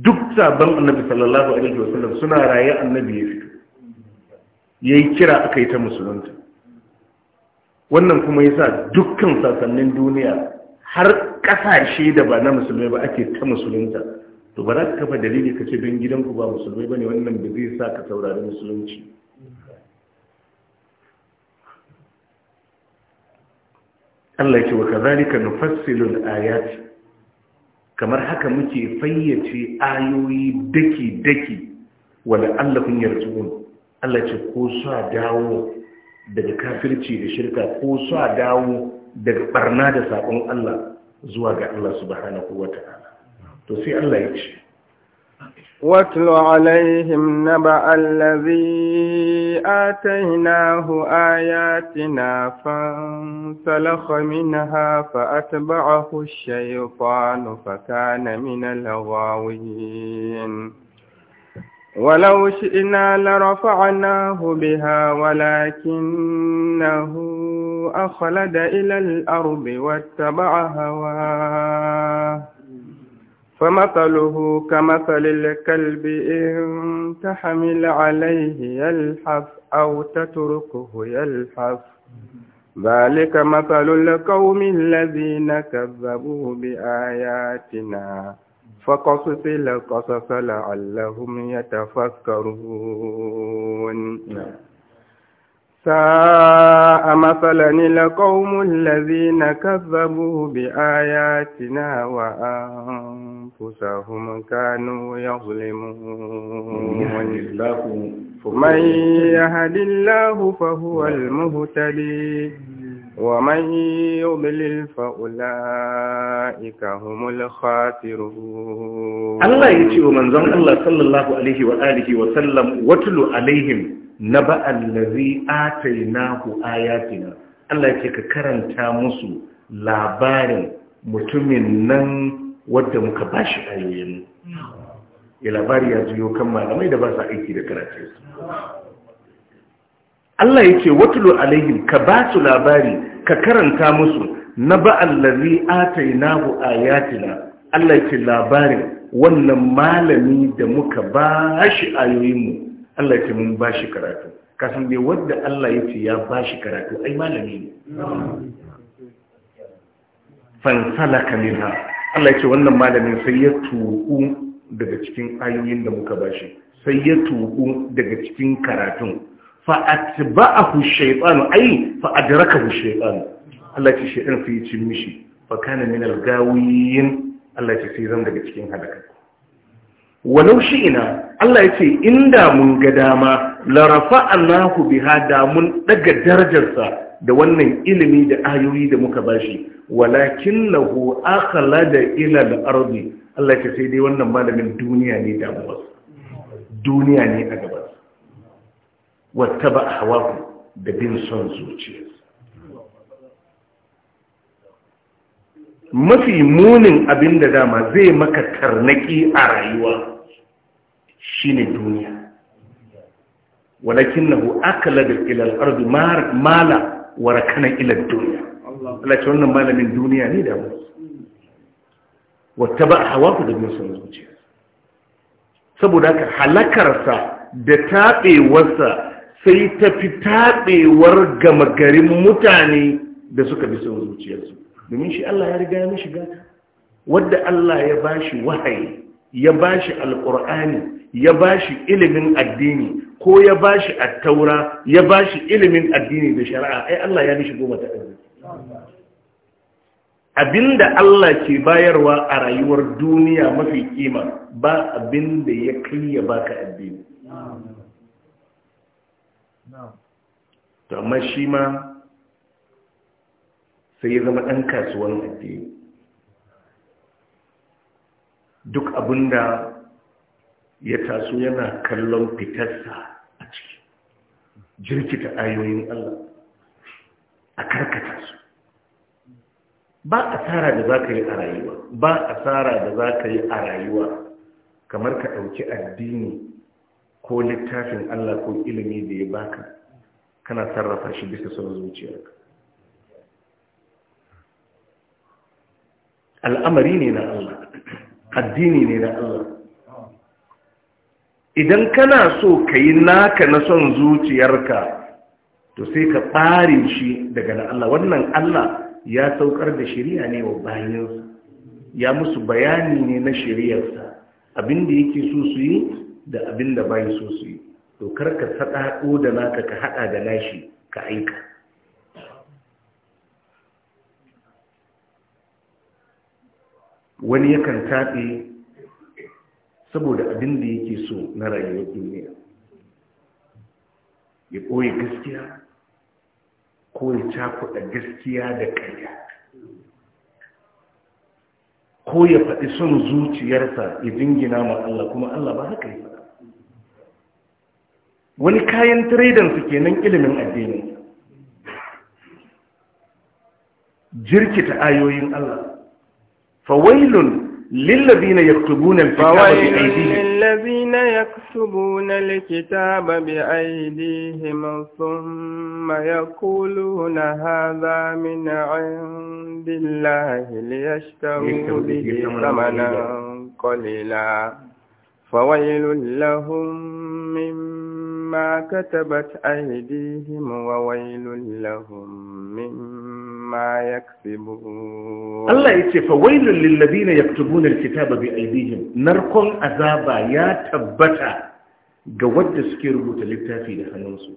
duk sabon annabi sallallahu alaihi wasallam suna raye annabi ya fito ya yi kira aka yi ta musulunta wannan kuma ya sa dukkan sassanin duniya har ƙasashe da ba na musulmai ba ake ta musulunta to ba za ka kafa dalili ka ce don gidanku ba musulmai ba ne wannan da zai sa ka saurari musulunci Allah ce wa kazalika nufassilun ayati kamar haka muke fayyace ayoyi daki daki Allahun la'allakum yarji'un Allah ce ko a dawo daga kafirci da shirka ko a dawo daga barna da sakon Allah zuwa ga Allah subhanahu wata'ala to sai Allah ya ce watlu alaihim naba allazi atainahu fan fansalakha minha fa atba'ahu ash-shaytanu fa kana min al-ghawin ولو شئنا لرفعناه بها ولكنه أخلد إلى الأرض واتبع هواه فمثله كمثل الكلب إن تحمل عليه يلحف أو تتركه يلحف ذلك مثل القوم الذين كذبوا بآياتنا فقصص القصص لعلهم يتفكرون نعم. ساء مثلا القوم الذين كذبوا بآياتنا وأنفسهم كانوا يظلمون من يهد الله فهو المهتدي ومن يضلل فأولئك هم الخاسرون الله يتي ومن زم الله صلى الله عليه وآله وسلم واتل عليهم نبأ الذي آتيناه آياتنا Allah ce ka karanta musu labarin mutumin nan wadda muka ba shi ayoyin ya labari ya juyo kan malamai da ba sa aiki da karatunsu Allah ya ce watulu alaihim ka ba su labari ka karanta musu na ba'allazi atainahu ayatina Allah ya ce labarin wannan malami da muka ba shi ayoyinmu Allah ya ce mun ba shi karatu kasan dai wadda Allah ya ce ya ba shi karatu ai malami ne fansalaka minha Allah ya ce wannan malamin sai ya tuku daga cikin ayoyin da muka ba shi sai ya tuku daga cikin karatun فأتبعه الشيطان أي فأدركه الشيطان التي شيطان في تمشي فكان من الغاويين التي في ذنب تكين هلك ولو شئنا الله يتي إن دامون قداما لرفعناه بها دامون لقى درجة da wannan ilimi da ayoyi da muka bashi walakin lahu akhlada ila al-ardi Allah ya sai dai wannan malamin duniya ne da duniya ne a gaba wata ba a hawa da bin son zuciya mafi munin abin da dama zai maka tarnaki a rayuwa shine duniya walakin na hu akala da ilal ardu mala warakana ilal duniya alace wannan malamin duniya ne da mu wata ba a hawa ku da bin son zuciya saboda haka halakarsa da taɓewarsa sai ta fi taɓewar gama garin mutane da suka bi son zuciyarsu domin shi Allah ya riga ya mishi gata wadda Allah ya bashi wahayi ya bashi alƙur'ani ya bashi ilimin addini ko ya bashi attaura ya bashi ilimin addini da shari'a ai Allah ya mishi goma ta arziki abinda Allah ke bayarwa a rayuwar duniya mafi kima ba abinda ya kai ya baka addini to amma shi ma sai ya zama ɗan kasuwan addini duk abinda ya taso yana kallon fitarsa a ciki jirkita ayoyin Allah a karkata su ba asara da za ka yi a rayuwa ba asara da za ka yi a rayuwa kamar ka ɗauki addini ko littafin Allah ko ilimi da ya baka kana sarrafa shi bisa son zuciyarka al'amari ne na Allah addini ne na Allah idan kana so ka yi naka na son zuciyarka to sai ka ɓare shi daga na Allah wannan Allah ya saukar da shari'a ne wa bayansa ya musu bayani ne na shari'arsa abinda yake so su yi da abin da bai so su yi to karka saɗaɗo da naka ka haɗa da nashi ka aika wani yakan taɓe saboda abin da yake so na rayuwar duniya ya ɓoye gaskiya ko ya cakuɗa gaskiya da ƙarya ko ya faɗi son zuciyarsa ya jingina ma Allah kuma Allah ba haka yi wani kayan su kenan ilimin addini jirkita ayoyin Allah fawailun للذين يكتبون الكتاب بأيديهم للذين يكتبون الكتاب بأيديهم ثم يقولون هذا من عند الله ليشتروا به ثمنا قليلا فويل لهم مما مما كتبت أيديهم وويل لهم مما يكسبون الله يتي فويل للذين يكتبون الكتاب بأيديهم نركن أذابا يا تبتا جود سكيرو تلتافي لحنونسو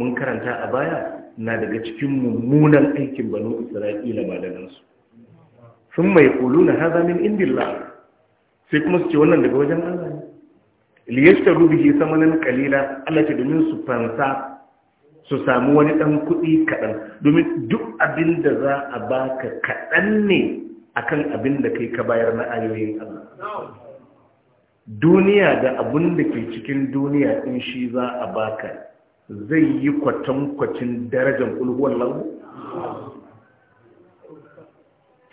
من كرنتا أبايا نادق تكم ممونا أيكم بنو إسرائيل ما لنسو ثم يقولون هذا من عند الله سيكمس جوانا لقوة الله liyashtaru bihi samanan qalila Allah domin su fansa su samu wani dan kuɗi kaɗan domin duk abin da za a baka kaɗan ne akan abin da kai ka bayar na ayoyin Allah duniya da abun da ke cikin duniya in shi za a baka zai yi kwatankwacin darajar ulhuwan lagu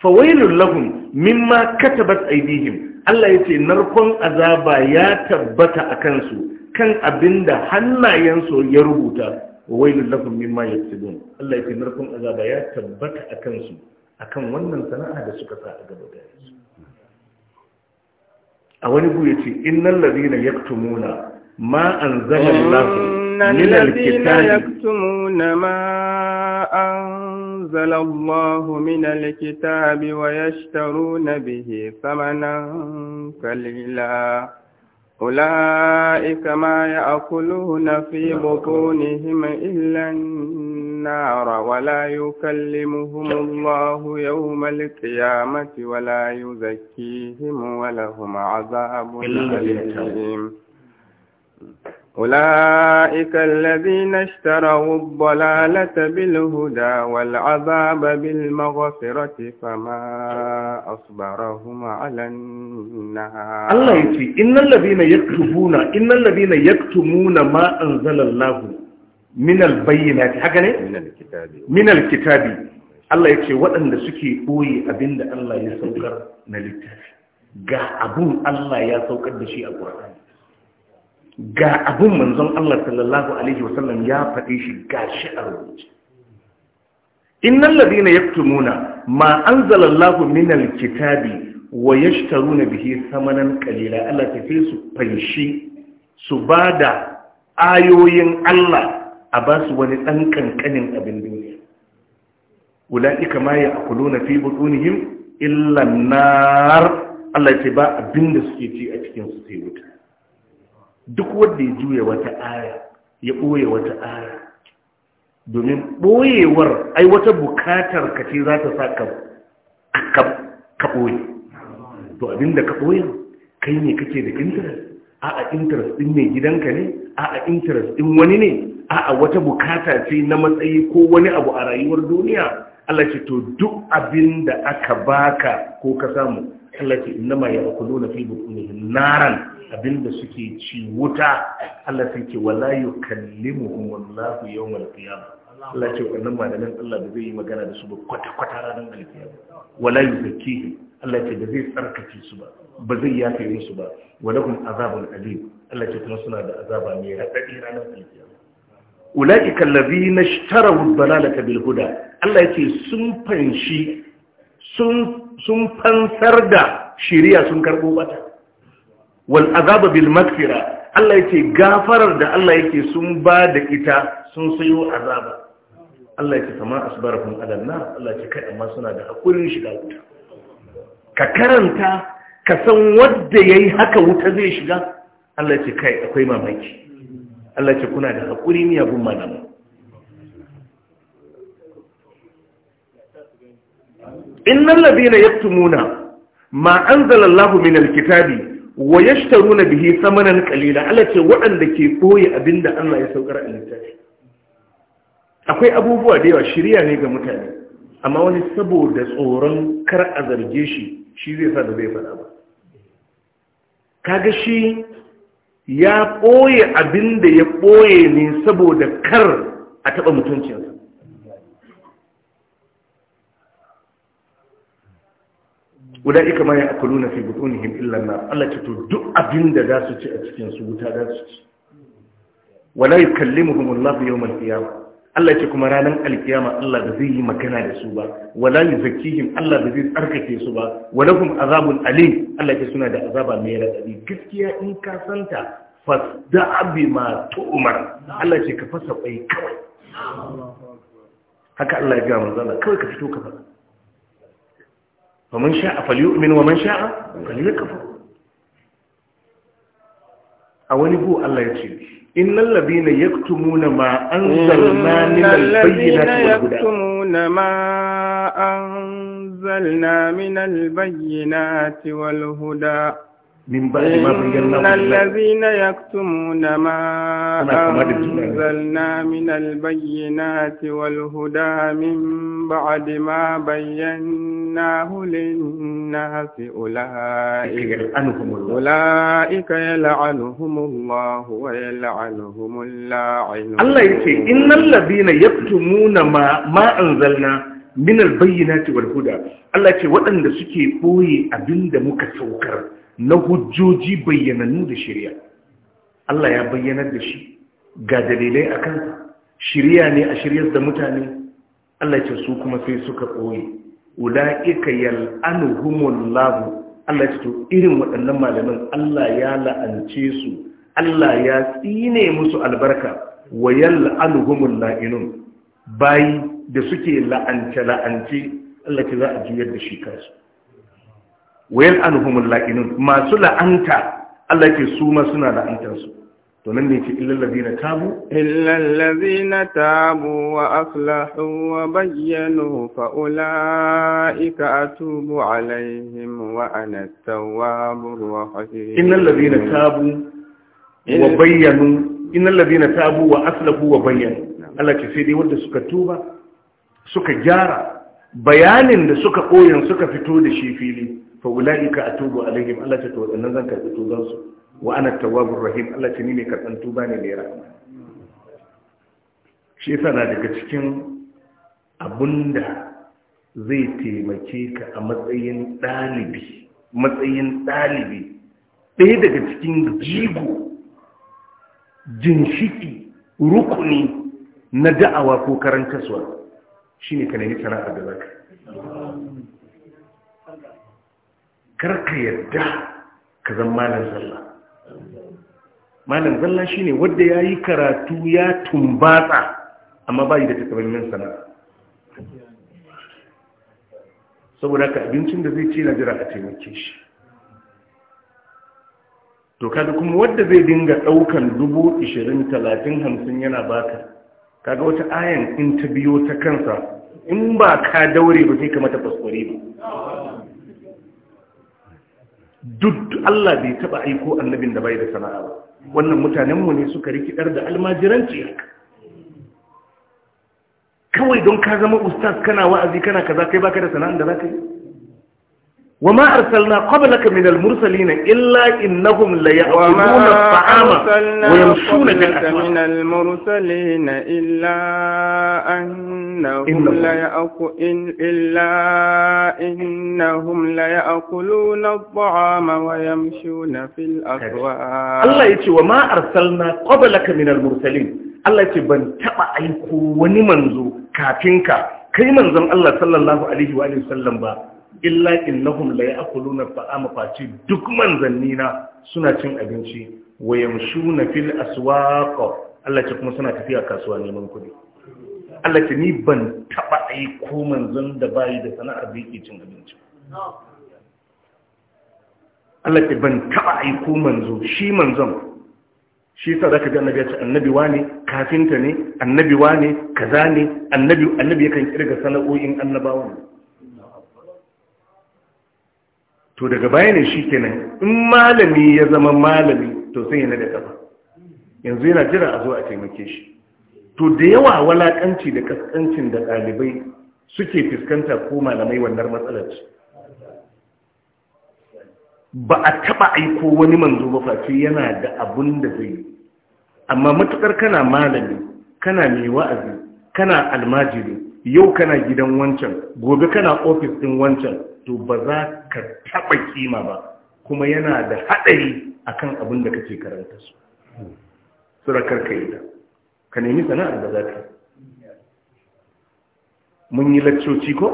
fawailun lagun. mimma katabat aidihim Allah yace narkon azaba ya tabbata a kansu kan abinda hannayensu ya rubuta wailul lakum mimma yaksubun Allah yace narkon azaba ya tabbata a kansu akan wannan sana'a da suka sa a gaba da su a wani bu yace innal ladina yaktumuna ma anzala Allah إن الذين يكتمون ما أنزل الله من الكتاب ويشترون به ثمنا قليلا أولئك ما يأكلون في بطونهم إلا النار ولا يكلمهم الله يوم القيامة ولا يزكيهم ولهم عذاب أليم أولئك الذين اشتروا الضلالة بالهدى والعذاب بالمغفرة فما أصبرهم على النار الله يتي إن الذين يكتبون إن الذين يكتمون ما أنزل الله من البينات هكذا من الكتاب من الكتاب الله يتي وأن سكي أوي أبند الله يسوكر نلتاف ga abun Allah ya saukar da shi a Qur'ani ga abin manzon Allah sallallahu alaihi wasallam ya faɗi shi shi a rubuce na ladina nuna, ma anzalallahu minal kitabi wa yashtaruna bihi samanan kalila Allah ta su fanshi su da ayoyin Allah a ba su wani ɗan kankanin abin duniya ulaika ma ya'kuluna fi butunihim illan an-nar Allah ce ba abin da suke ci a cikin su sai wuta duk wanda ya juya wata aya ya ɓoye wata aya domin ɓoyewar ai wata bukatar ka ce za ta sa ka ɓoye to abinda ka ɓoye kai ne kake da interest a a interest ɗin mai gidanka ne a a interest ɗin wani ne a a wata bukata ce na matsayi ko wani abu a rayuwar duniya Allah ce to duk abin da aka baka ko ka samu Allah ce inna ma ya'kuluna fi butunihim naran abinda suke ci wuta Allah sai ce wala yukallimuhum wallahu yawmal qiyamah Allah ce wannan malamin Allah da zai yi magana da su ba kwata kwata ranar alkiyama wala yuzakkihim Allah ce da zai tsarkake su ba ba zai yafe musu ba wala kun azabun alim Allah ce kuma suna da azaba mai radadi ranar alkiyama ulaika allazina ishtaraw ad balalata bil huda Allah ce sun fanshi sun sun fansar da shiriya sun karɓo bata wal azaba bil makfira Allah yake gafarar da Allah yake sun ba da ita sun sayo azaba Allah yake kama asbarakum adanna Allah yake kai amma suna da hakurin shiga wuta ka karanta ka san wanda yayi haka wuta zai shiga Allah yake kai akwai mamaki Allah yake kuna da hakuri miyagun malamai innal ladina yaktumuna ma anzalallahu min alkitabi wa yashtaruna bihi samanan qalila Allah ce waɗanda ke koyi abinda Allah ya saukar a littafi akwai abubuwa da yawa shirya ne ga mutane amma wani saboda tsoron kar a zarge shi shi zai sa da zai faɗa ba kaga shi ya ɓoye abinda ya ɓoye ne saboda kar a taɓa mutuncinsa ulaika ma ya'kuluna fi butunihim illa an-nar Allah ce to duk abinda za su ci a cikin su wuta da su ci wala yukallimuhum Allah yawm al-qiyamah Allah ce kuma ranar alkiyama Allah da zai yi magana da su ba wala yuzakkihim Allah da zai tsarkake su ba walahum azabun alim Allah ce suna da azaba mai radadi gaskiya in ka santa fasda ma tu'mar Allah ce ka fasa bai kawai haka Allah ya ga manzon kawai ka fito ka fasa فمن شاء فليؤمن ومن شاء فليكفر أولي بو الله يتشير إن الذين يكتمون ما أنزلنا من البينات والهدى ما أنزلنا من البينات والهدى من بعد ما بينا إن الذين يكتمون ما أنزلنا من البينات والهدى من بعد ما بيناه للناس أولئك أولئك يلعنهم الله ويلعنهم اللاعنون الله يقول إن الذين يكتمون ما ما أنزلنا من البينات والهدى الله يقول وأن سكي بوي أبند مكسوكر na hujjoji bayyanannu da shirya Allah ya bayyanar da shi ga dalilai a kansa shirya ne a shiryar da mutane Allah ce su kuma sai suka ɓoye ula'ika labu. Allah ce to irin waɗannan malaman Allah ya la'ance su Allah ya tsine musu albarka wa yal'anuhumul la'inun bayi da suke la'ance la'ance Allah ce za a juyar da shi kansu wayan anhumul la'inun masu la'anta Allah yake su ma suna la'antar su to nan ne ke illal ladina tabu illal ladina tabu wa aslahu wa bayyanu fa ulaika atubu alaihim wa ana at wa rahim innal ladina tabu wa bayyanu innal ladina tabu wa aslahu wa bayyanu Allah ke sai dai wanda suka tuba suka gyara bayanin da suka koyon suka fito da shi fili fa ulaika atubu alaihim Allah ta wadannan zan karbi tuban su wa ana rahim Allah ta ni ne karban tuba ne mai rahama shi yasa na daga cikin da zai taimake ka a matsayin ɗalibi matsayin ɗalibi ɗaya daga cikin jigo jinshiki rukuni na da'awa ko karantaswa ne ka nemi sana'ar da za yi. karka yadda ka zan malam zalla malam zalla ne wadda ya yi karatu ya tumbatsa amma ba yi da takamaimin sana'a saboda ka abincin da zai ce na jira a taimake shi to kada kuma wadda zai dinga ɗaukan dubu ishirin talatin hamsin yana baka kaga wata ayan in ta biyo ta kansa in ba ka daure ba sai kamata faskwari ba duk Allah bai taba aiko annabin da bai da sana'a ba wannan mutanenmu ne suka rikidar da almajiranci kawai don ka zama ustaz kana wa'azi kana kaza kai baka da sana'a da zaka yi وما أرسلنا قبلك من المرسلين إلا إنهم ليأكلون الطعام ويمشون في الأسواق من المرسلين إلا أنهم إنهم. ليأكل إلا إنهم ليأكلون الطعام ويمشون في الأسواق الله يتي وما أرسلنا قبلك من المرسلين الله يتي بن تبع أيكو ونمنزو كاتنكا كي منزم الله صلى الله عليه وآله وسلم بقى illa innahum la ya'kuluna ta'ama faci duk man zannina suna cin abinci wa yamshuna fil aswaq Allah ce kuma suna tafiya kasuwa neman kuɗi Allah ce ni ban taba man manzon da bai da sana'ar da yake cin abinci Allah ce ban taba man manzo shi manzon shi sa za ka ji annabi ya ce annabi ne kafinta ne annabi ne kaza ne annabi yakan kirga sana'o'in annabawan to daga baya ne shi kenan in malami ya zama malami to sai yana da kafa yanzu yana jira a zo a taimake shi to da yawa walakanci da kaskancin da ɗalibai suke fuskanta ko malamai wannan matsalar ce ba a taɓa aiko wani manzo ba face yana da abun da zai yi amma matukar kana malami kana mai wa'azi kana almajiri yau kana gidan wancan gobe kana ofis ɗin wancan to ba za ka taɓa kima ba kuma yana da haɗari akan abin da kake karanta su surakar ka yi ta ka nemi sana'ar da za ka mun yi laccoci ko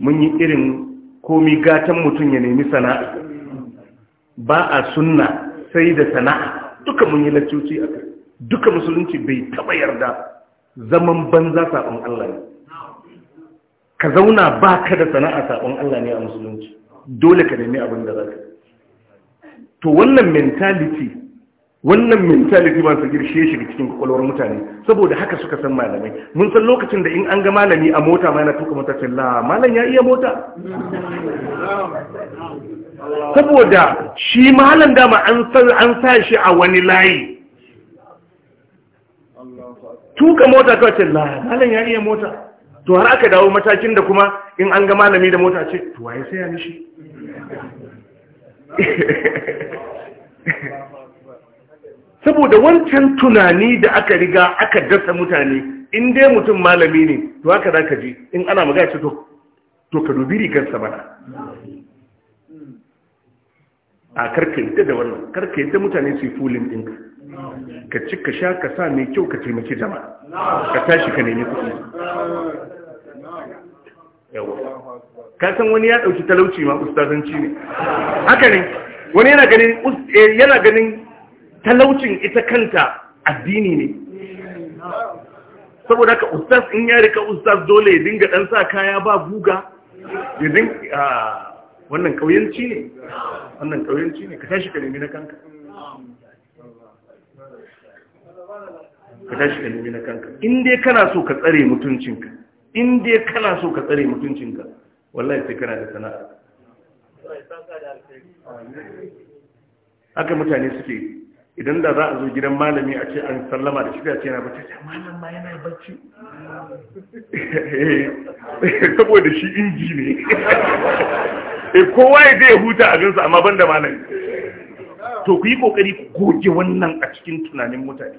mun yi irin komi gatan mutum ya nemi sana'a ba a sunna sai da sana'a duka mun yi laccoci a kai duka musulunci bai taɓa yarda zaman banza saɓon Allah ne ka zauna ba ka da sana'a sabon Allah ne a musulunci dole ka nemi abin da za ka to wannan mentality wannan mentality ba su girshe shiga cikin kwakwalwar mutane saboda haka suka san malamai mun san lokacin da in an ga malami a mota ma yana tuka mota ce la malam ya iya mota saboda shi malam dama an sa shi a wani layi tuka mota kawai ce la malam ya iya mota to har aka dawo matakin da kuma in an ga malami da mota ce to waye saya mishi saboda wancan tunani da aka riga aka dasa mutane in dai mutum malami ne to haka za ka ji in ana magana ce to to ka dubi rigarsa bana a karkai da wannan karkai da mutane su yi fulin ɗinka ka ci ka sha ka sa mai kyau ka taimaki jama'a ka tashi ka nemi kuɗi ka san wani ya ɗauki talauci ma ustazanci ne haka ne wani yana ganin eh, yana ganin talaucin ita kanta addini ne saboda ka ustaz in ya rika ustaz dole ya dinga ɗan sa kaya ba guga ya dinga wannan ƙauyenci ne wannan ƙauyenci ne ka tashi ka nemi na kanka ka tashi ka nemi na kanka in dai kana so ka tsare mutuncinka in dai kana so ka tsare mutuncinka wallahi sai kana da sana'a haka mutane suke idan da za a zo gidan malami a ce an sallama da shiga ce na bacci ce malam ma yana bacci eh, saboda shi inji ne e kowa ya zai huta a gansa amma banda malami to ku yi kokari goge wannan a cikin tunanin mutane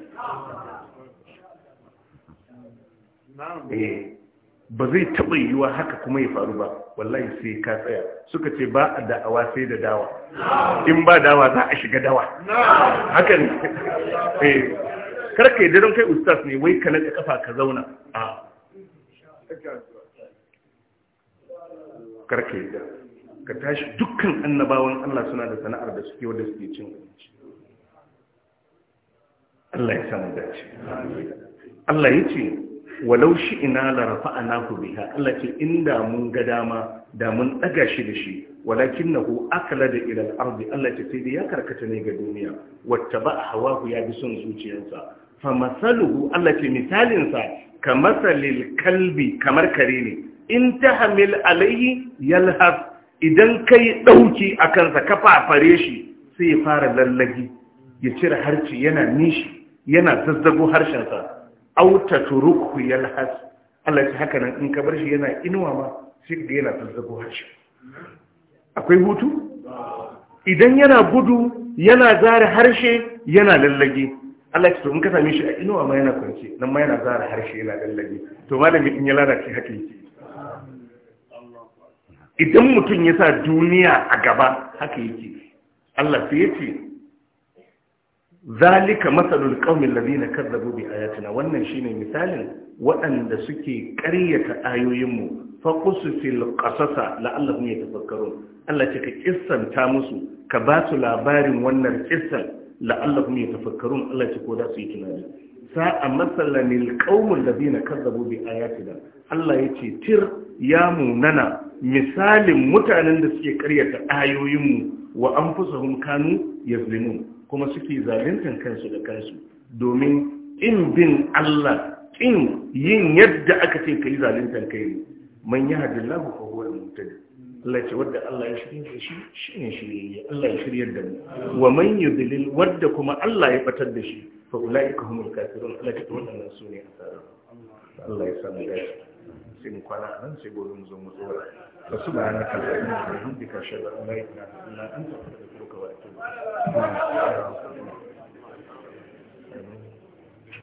Eh, ba zai taɓa yiwuwa haka kuma ya faru ba wallahi sai ka tsaya suka ce ba a da'awa sai da dawa in ba dawa za a shiga dawa haka ne eh, karka yi don kai ustaz ne wai ka naka kafa ka zauna a karka da, ka tashi dukkan annabawan Allah suna da sana'ar da suke wadda suke cin Allah ya samu dace Allah ya ce walau shi ina larafa a naku biha Allah ce inda mun ga dama da mun ɗaga shi da shi walakin na hu akala da ilal arzi Allah ce sai ya karkata ne ga duniya wata ba a hawa ku ya bi son zuciyarsa fa masaluhu Allah ce misalinsa ka masalil kalbi kamar kare ne in ta hamil alayhi yalhaf idan kai ɗauki a kansa ka fafare shi sai ya fara lallagi ya cire harci yana nishi yana zazzago harshensa auta turuku yalhas Allah ya haka nan in ka bar shi yana inuwa ma shi ga yana zazzago harshe akwai hutu idan yana gudu yana zara harshe yana lallage Allah ya to in ka same shi a inuwa ma yana kwance nan ma yana zara harshe yana lallage to malami in ya lalace haka yake idan mutum ya sa duniya a gaba haka yake Allah sai ya ce zalika masalul qaumin ladina kadzabu bi ayatina wannan shine misalin waɗanda suke ƙaryata ayoyinmu faƙususil ƙasasa la'allahun ya tafakkarun Allah ce ka ƙissanta musu ka ba su labarin wannan ƙissan la'allahun ya tafakkarun Allah ce ko da su yi tunani sa'a matsalanil ƙaunin da zina kazzabu bi ayatina Allah ya ce tir ya munana misalin mutanen da suke ƙaryata ayoyinmu wa an fusa kanu ya kuma suke zalintan kansu da kansu domin in bin Allah in yin yadda aka ce kai zalintan kai ne man yahdillahu fa lagu al mutane Allah ce wadda Allah ya shirya da shi shi ne shirye Allah ya shirya da mu wa man yudlil wadda kuma Allah ya batar da shi fa ulaika humul kafirun Allah ta wannan a tsara. Allah ya samu dace sai mu kwana nan sai gobe mu zo mu tsora فسبحانك اللهم وبحمدك اشهد ان لا اله الا انت استغفرك واتوب اليك